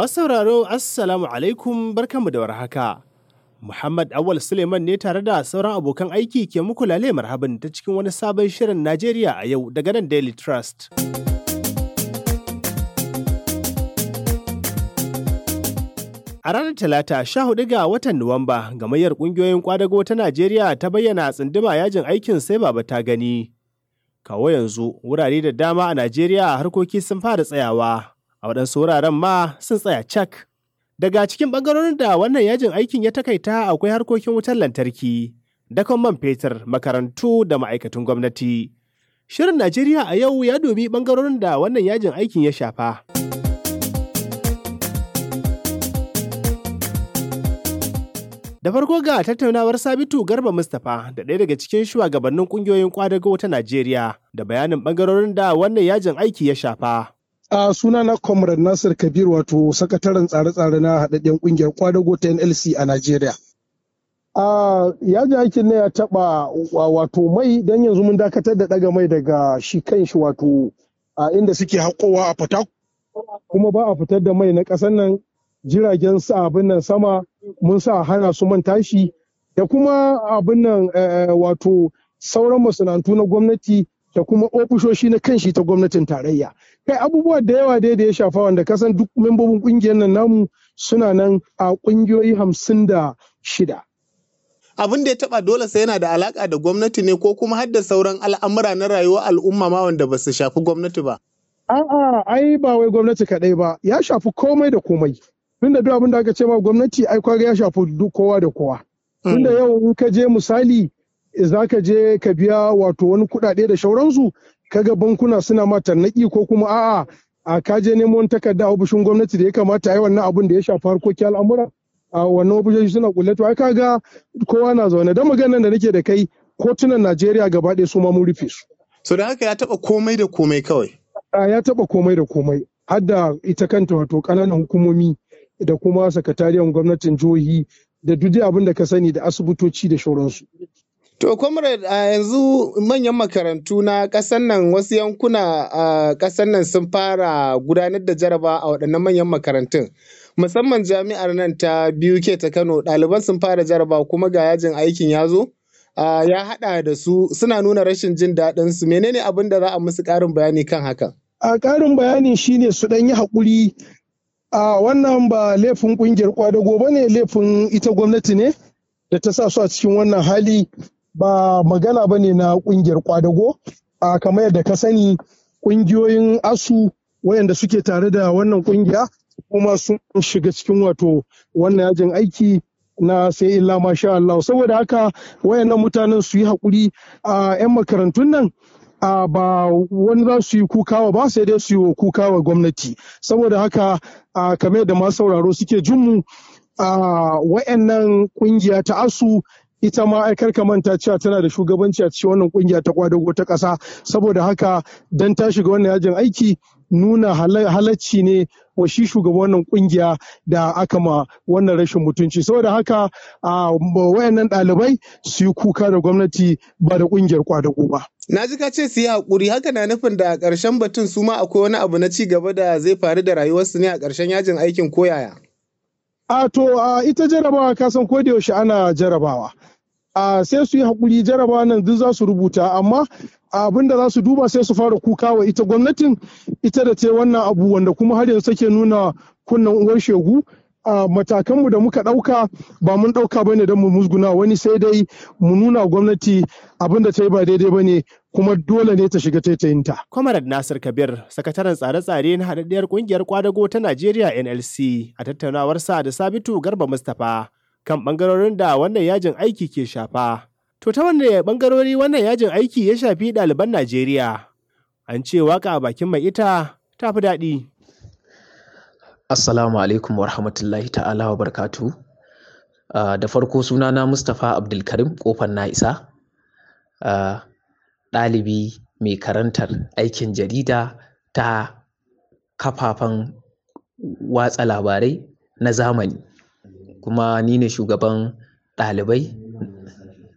Masu sauraro Assalamu alaikum barkanmu da warhaka. Muhammad Awal Suleiman ne tare da sauran abokan aiki ke muku lale habin ta cikin wani sabon shirin Najeriya a yau daga nan Daily Trust. A ranar Talata 14 ga watan Nuwamba, gamayyar ƙungiyoyin ƙwadago ta Najeriya ta bayyana tsunduma yajin aikin sai baba ta gani. Kawo yanzu, wurare da dama a Najeriya harkoki sun fara tsayawa. a waɗansu wuraren ma sun tsaya cak. Daga cikin ɓangarorin da wannan yajin aikin ya takaita akwai harkokin wutar lantarki, dakon man fetur, makarantu da ma'aikatun gwamnati. Shirin Najeriya a yau ya dubi ɓangarorin da wannan yajin aikin ya shafa. Da farko ga tattaunawar Sabitu Garba Mustapha da ɗaya daga cikin shugabannin ƙungiyoyin kwadago ta Najeriya da bayanin ɓangarorin da wannan yajin aiki ya shafa. A suna na Comrade Nasir Kabir wato sakataren tsare-tsare na haɗaɗɗen ƙungiyar kwadago ta NLC a Najeriya. A yaji aikin na ya taɓa wato mai don yanzu mun dakatar da ɗaga mai daga shi kan shi wato a inda suke haƙowa a fata kuma ba a fitar da mai na ƙasar nan jiragen sa abin nan sama mun sa hana su manta shi da kuma abin nan eh, wato sauran masana'antu na gwamnati da kuma ofishoshi na kanshi ta gwamnatin tarayya kai abubuwa da yawa dai da ya shafa wanda kasan duk membobin kungiyar nan namu suna nan a kungiyoyi hamsin da shida abin da ya taba dole sai yana da alaka da gwamnati ne ko kuma har sauran al'amura na rayuwa, al'umma ma wanda ba su shafi gwamnati ba a'a ai ba wai gwamnati kaɗai ba ya shafi komai da komai tunda duk abin da aka ce ma gwamnati ai ya shafi duk kowa da kowa hmm. tunda yau in ka je misali za ka je ka biya wato wani kuɗaɗe da shauransu kaga bankuna suna ma tarnaƙi ko kuma a'a a ka je neman takarda a ofishin gwamnati da ya kamata a yi wannan abun da ya shafi harkokin al'amura a wannan ofishin suna kulle to ai kaga kowa na zaune da maganar da nake da kai kotunan Najeriya gaba ɗaya su ma mun rufe su. So da haka ya taɓa komai da komai kawai. Ya taɓa komai da komai har da ita kanta wato ƙananan hukumomi da kuma sakatariyar gwamnatin jihohi da duk abin da ka sani da asibitoci da shauransu. To, comrade a yanzu manyan makarantu na ƙasar nan wasu yankuna a ƙasar nan sun fara gudanar da jaraba a waɗannan manyan makarantun. Musamman jami'ar nan ta ke ta Kano ɗaliban sun fara jaraba kuma ga yajin aikin ya zo. ya haɗa da su suna nuna rashin jin daɗin su menene abin da za a musu ƙarin bayani kan haka? A ƙarin bayani shine su dan yi hakuri, a wannan ba laifin ƙungiyar kwadago ba ne laifin ita gwamnati ne da ta sa su a cikin wannan hali ba magana ba ne na ƙungiyar kwadago a kamar yadda ka sani ƙungiyoyin asu wayanda suke tare da wannan ƙungiya kuma sun shiga cikin wato wannan yajin aiki na sai illa masha Allah saboda haka wayannan mutanen su yi haƙuri a 'yan makarantun nan a ba wani za su yi kukawa ba sai dai su yi wa gwamnati saboda haka a kamar da masu sauraro suke jinmu a wayannan kungiya ta asu ita ma ai karka manta cewa tana da shugabanci a cikin wannan kungiya ta kwadago ta kasa saboda haka dan ta shiga wannan yajin aiki nuna halacci ne wa shi shugaban wannan kungiya da aka ma wannan rashin mutunci saboda haka a wayannan ɗalibai su yi kuka da gwamnati ba da kungiyar kwadago ba. Na ji ka ce su yi hakuri haka na nufin da karshen batun su ma akwai wani abu na ci gaba da zai faru da rayuwarsu ne a karshen yajin aikin koyaya. A to a ita jarabawa ka san ko da yaushe ana jarabawa. A sai su yi hakuri jarabawa nan duk za su rubuta amma abin da za su duba sai su fara kuka wa ita gwamnatin ita da ce wannan abu wanda kuma har yanzu take nuna kunnen uwar shegu a matakanmu da muka ɗauka ba mun ɗauka bane ne don mu musguna wani sai dai mu nuna gwamnati abin da ta yi ba daidai bane kuma dole ne ta shiga taitayinta. Kwamarad Nasir Kabir, sakataren tsare-tsare na haɗaɗɗiyar ƙungiyar kwadago ta Najeriya NLC a tattaunawar tattaunawarsa da Sabitu Garba Mustapha kan ɓangarorin da wannan yajin aiki ke shafa. To ta wanne ɓangarori wannan yajin aiki ya shafi ɗaliban Najeriya? An ce waka bakin mai ita ta fi daɗi. Assalamu alaikum wa rahmatullahi ta'ala wa barkatu. Uh, ah, da farko suna na Mustapha Abdulkarim kofar Na'isa, ah, ɗalibi mai karantar aikin jarida ta kafafen watsa labarai na zamani. Kuma ni ne shugaban ɗalibai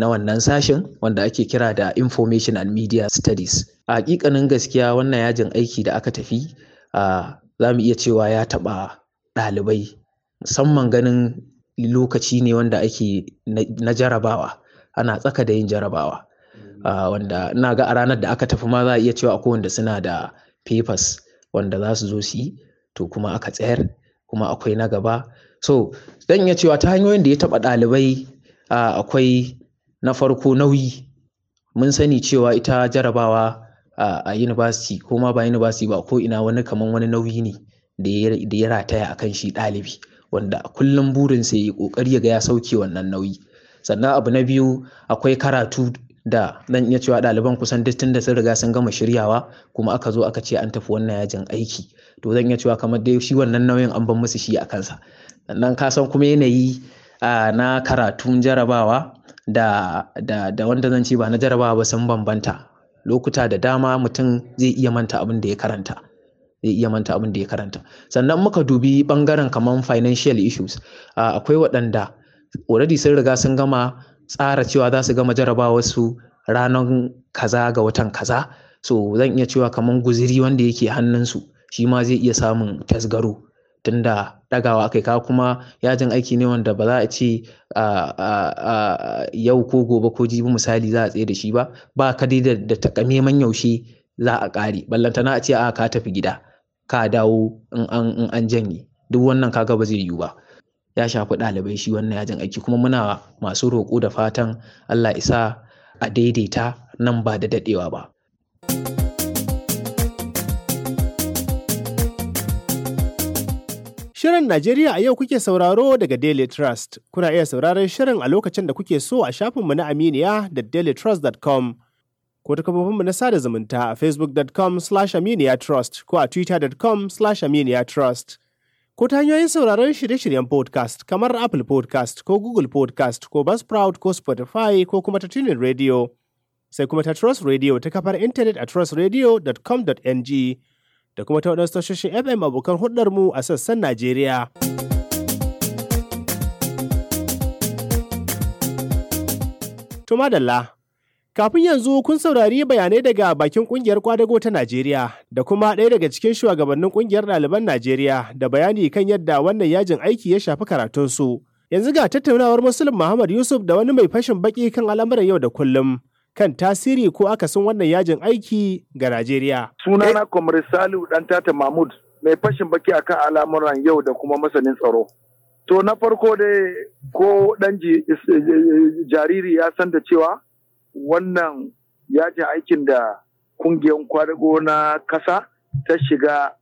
na wannan sashen wanda ake kira da Information and Media Studies. A ƙiƙanin gaskiya wannan yajin aiki da aka tafi uh, za mu iya cewa ya taɓa ɗalibai musamman ganin lokaci ne wanda ake na jarabawa ana tsaka da yin jarabawa mm. ah, wanda ina ga a ranar da aka tafi ma za a iya cewa akwai wanda suna da papers wanda za su zo su yi to kuma aka tsayar kuma akwai na gaba so zan iya cewa ta hanyoyin da ya taɓa ɗalibai ah, akwai na farko nauyi mun sani cewa ita jarabawa a university ko ma ba university ba ko ina wani kamar wani nauyi ne da ya rataya kan shi ɗalibi wanda kullum burinsa ya yi ƙoƙari ya ga ya sauke wannan nauyi sannan abu na biyu akwai karatu da zan iya cewa ɗaliban kusan duk tun da sun riga sun gama shiryawa kuma aka zo aka ce an tafi wannan yajin aiki to zan iya cewa kamar dai shi wannan nauyin an ban musu shi a kansa sannan ka san kuma yanayi na karatun jarabawa da, da wanda zan ce ba na jarabawa ba sun bambanta lokuta da dama mutum zai iya manta abin da ya karanta zai iya manta abin da ya karanta sannan muka dubi ɓangaren kamar financial issues akwai waɗanda already sun riga sun gama tsara cewa za su gama wasu ranar kaza ga watan kaza so zan iya cewa kaman guziri wanda yake hannunsu shi ma zai iya samun tasgaro tunda ɗagawa aka ka kuma yajin aiki ne wanda ba za a ce yau ko gobe ko jibi misali za a tsaye da shi ba ba ka dai da takamaiman yaushe za a ƙare ballantana a ce a ka tafi gida ka dawo in an janye duk wannan kaga ba zai yiwu ba ya shafi ɗalibai shi wannan yajin aiki kuma muna masu roƙo da fatan Allah isa a daidaita nan ba da daɗewa ba. Shirin Najeriya a yau kuke sauraro daga Daily Trust. Kuna iya sauraron shirin a lokacin da kuke so a shafinmu na Aminiya da dailytrust.com ko ta kafofinmu na sada zumunta a facebook.com slash aminiyatrust ko a twitter.com slash aminiyatrust. Ko ta hanyoyin sauraron shirye-shiryen podcast kamar Apple podcast ko Google podcast ko Buzzsprout ko Spotify ko kuma ta tunin radio. Sai kuma ta Trust Radio ta kafar intanet a trustradio.com.ng da kuma ta waɗansu tashoshin FM abokan mu a sassan Najeriya. Tumadalla, kafin yanzu kun saurari bayanai daga bakin kungiyar kwadago ta Najeriya da kuma ɗaya daga cikin shugabannin kungiyar ɗaliban Najeriya da bayani kan yadda wannan yajin aiki ya shafi karatunsu. Yanzu ga tattaunawar Musulun Muhammad Yusuf da wani mai fashin baki kan al'amuran yau da kullum. kan tasiri ko akasin wannan yajin aiki ga Najeriya. Sunana Kwamre Salihu ɗan tata Mahmud mai fashin baki a kan al'amuran yau da kuma masanin tsaro. To na farko dai ko ɗan eh, eh, jariri ya san da cewa wannan yajin aikin da kungiyar kwadago na ƙasa ta shiga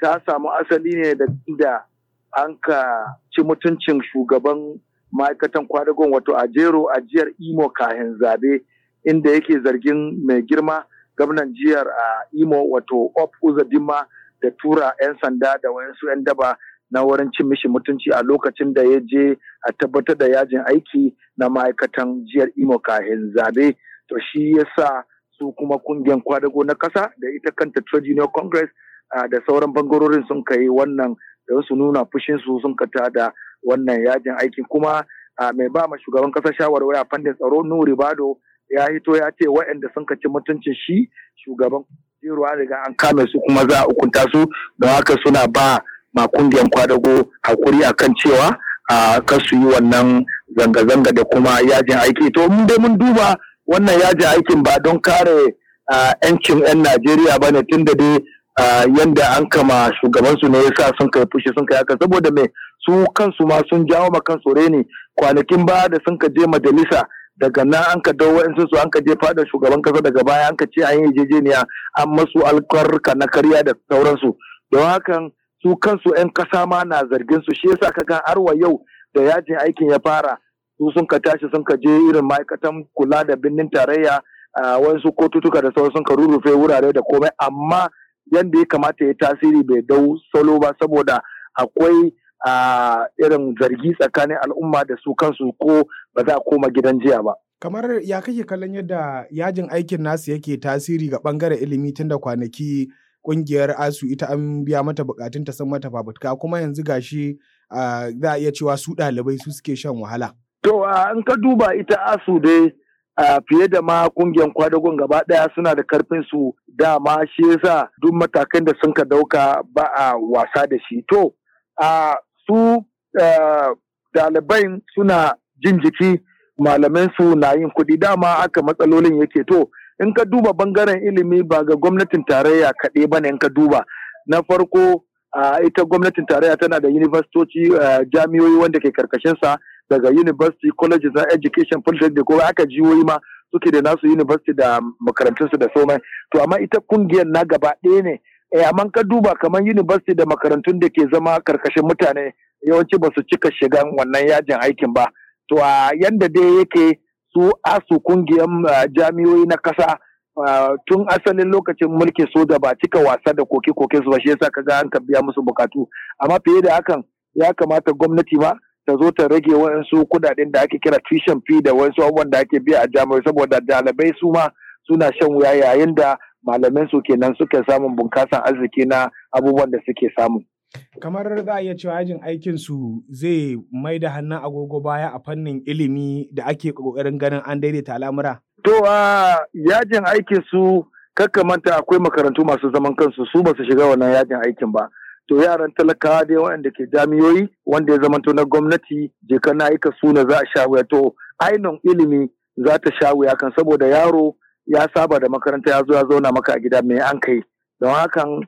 ta samu asali ne da an ka ci mutuncin shugaban ma'aikatan kwadagon wato ajero ajiyar imo kahin zabe inda yake zargin mai girma gwamnan jihar a imo wato op uzadima da tura 'yan sanda da wayansu 'yan daba na wurin cin mishi mutunci a lokacin da ya je a tabbatar da yajin aiki na ma'aikatan jihar imo kahin zabe to shi ya sa su kuma kungiyar kwadago na kasa da ita kanta trade union congress da sauran bangarorin sun kai wannan da su nuna fushinsu sun kata da wannan yajin aiki kuma mai ba ma shugaban kasa shawarwari a fannin tsaro nuri bado ya yi to ya ce waɗanda sun kaci mutuncin shi shugaban jeruwa riga an kame su kuma za a hukunta su don haka suna ba ma kwadago hakuri kan cewa a su yi wannan zanga-zanga da kuma yajin aiki to mun dai mun duba wannan yajin aikin ba don kare yancin 'yan najeriya ba ne tun da dai yadda an kama shugabansu ne sa sun kai fushi sun kai haka saboda mai su kansu ma sun jawo ma kansu reni kwanakin ba da sun ka je majalisa daga nan an ka dawo wa'insu su an ka je fadar shugaban kasa daga baya an ka ce an yi yarjejeniya an masu alkarka na karya da sauransu don hakan su kansu 'yan kasa ma na zargin su shi yasa ka ga arwa yau da yajin aikin ya fara su sun ka tashi sun ka je irin ma'aikatan kula da birnin tarayya a wasu kotutuka da sauran sun ka rurrufe wurare da komai amma yadda ya kamata ya tasiri bai dau salo ba saboda akwai a irin zargi tsakanin al'umma da su kansu ko ba za a koma gidan jiya ba. Kamar ya kake kallon yadda yajin aikin nasu yake tasiri ga bangaren ilimi tun da kwanaki kungiyar asu ita an biya mata bukatun ta san mata babutka kuma yanzu gashi za a iya cewa su ɗalibai su suke shan wahala. To in ka duba ita asu dai fiye da ma kungiyar kwadagon gaba daya suna da karfin su dama shi yasa duk matakan da sun ka dauka ba a wasa da shi. To a su ɗalibai eh, suna jin jiki malamansu na yin kuɗi dama aka matsalolin yake to in ka duba bangaren ilimi ba ga gwamnatin tarayya kaɗai ba ne in ka duba na farko ita gwamnatin tarayya tana da universitoci eh, jami'oyi wanda ke karkashinsa daga university colleges na education da ko aka jihohi ma suke da nasu university da makarantunsu da somai to amma ita kungiyar na gaba ɗaya ne eh amma ka duba kamar university da makarantun da ke zama karkashin mutane yawanci ba su cika shigan wannan yajin aikin ba to a yanda dai yake su asu kungiyar eh, jami'oi na kasa eh, tun asalin lokacin mulkin soja ba cika wasa da koke-koke su ba shi yasa ka ga an biya musu bukatu amma fiye da hakan ya kamata gwamnati ma ta zo ta rage waɗansu kudaden da ake kira tuition fee da wasu abubuwan da ake biya a jami'ai saboda dalibai su ma suna shan wuya yayin da malaman su kenan suke samun bunkasan arziki na abubuwan da suke samu. Kamar za a iya cewa yajin aikin su zai mai da hannun agogo baya a fannin ilimi da ake kokarin ganin an daidaita al'amura. To a yajin aikin su kakkamanta akwai makarantu masu zaman kansu su ba su shiga wannan yajin aikin ba. to yaran talakawa dai waɗanda ke jami'oyi wanda ya zamanto na gwamnati je na aika suna za a sha wuya to ainihin ilimi za ta sha wuya kan saboda yaro ya saba da makaranta ya zo ya zauna maka a gida mai an kai don hakan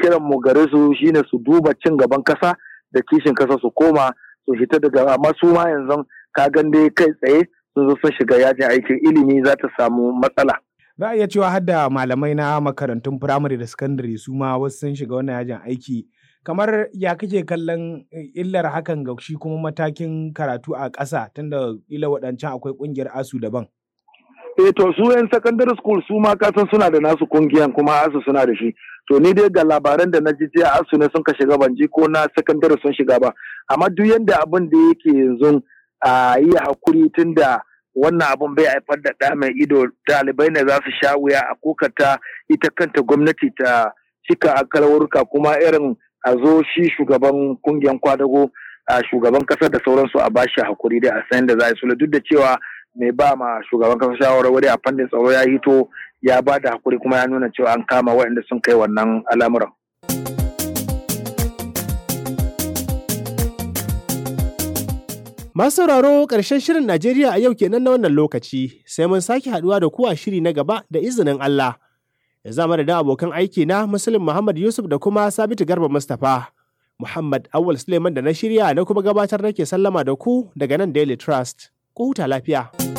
kiran mu gare su shine su duba cin gaban kasa da kishin kasa su koma su fita daga amma su ma yanzu ka gan dai kai tsaye sun zo sun shiga yajin aikin ilimi za ta samu matsala. Za a iya cewa har da malamai na makarantun firamare da sakandare su ma wasu sun shiga wannan yajin aiki. Kamar ya kake kallon eh, illar hakan ga shi kuma matakin karatu a ƙasa tunda ila waɗancan akwai ƙungiyar asu daban. eh to su yan secondary school su ma kasan suna da nasu kungiyan kuma asu suna da shi to ni dai ga labaran da na ji jiya asu ne sun ka shiga ban ji ko na sakandare sun shiga ba amma duk yanda abin da yake yanzu a yi hakuri tunda wannan abun bai haifar da mai ido ɗalibai ne za su sha wuya a kokata ita kanta gwamnati ta cika akalwarka kuma irin a zo shi shugaban kungiyar kwadago a shugaban kasar da sauransu a bashi hakuri da a sayan da za a duk da cewa mai ba ma shugaban kasa shawarwari a fannin tsaro ya hito ya ba da hakuri kuma ya nuna cewa an kama waɗanda sun kai wannan al'amuran. Masu sauraro ƙarshen shirin Najeriya a yau kenan na wannan lokaci sai mun sake haɗuwa da kuwa shiri na gaba da izinin Allah. Ya zama da abokan aiki na Muslim Muhammad Yusuf da kuma Sabitu Garba Mustapha. Muhammad Awul Suleiman da na shirya na kuma gabatar nake sallama da ku daga nan Daily Trust. Ku huta lafiya.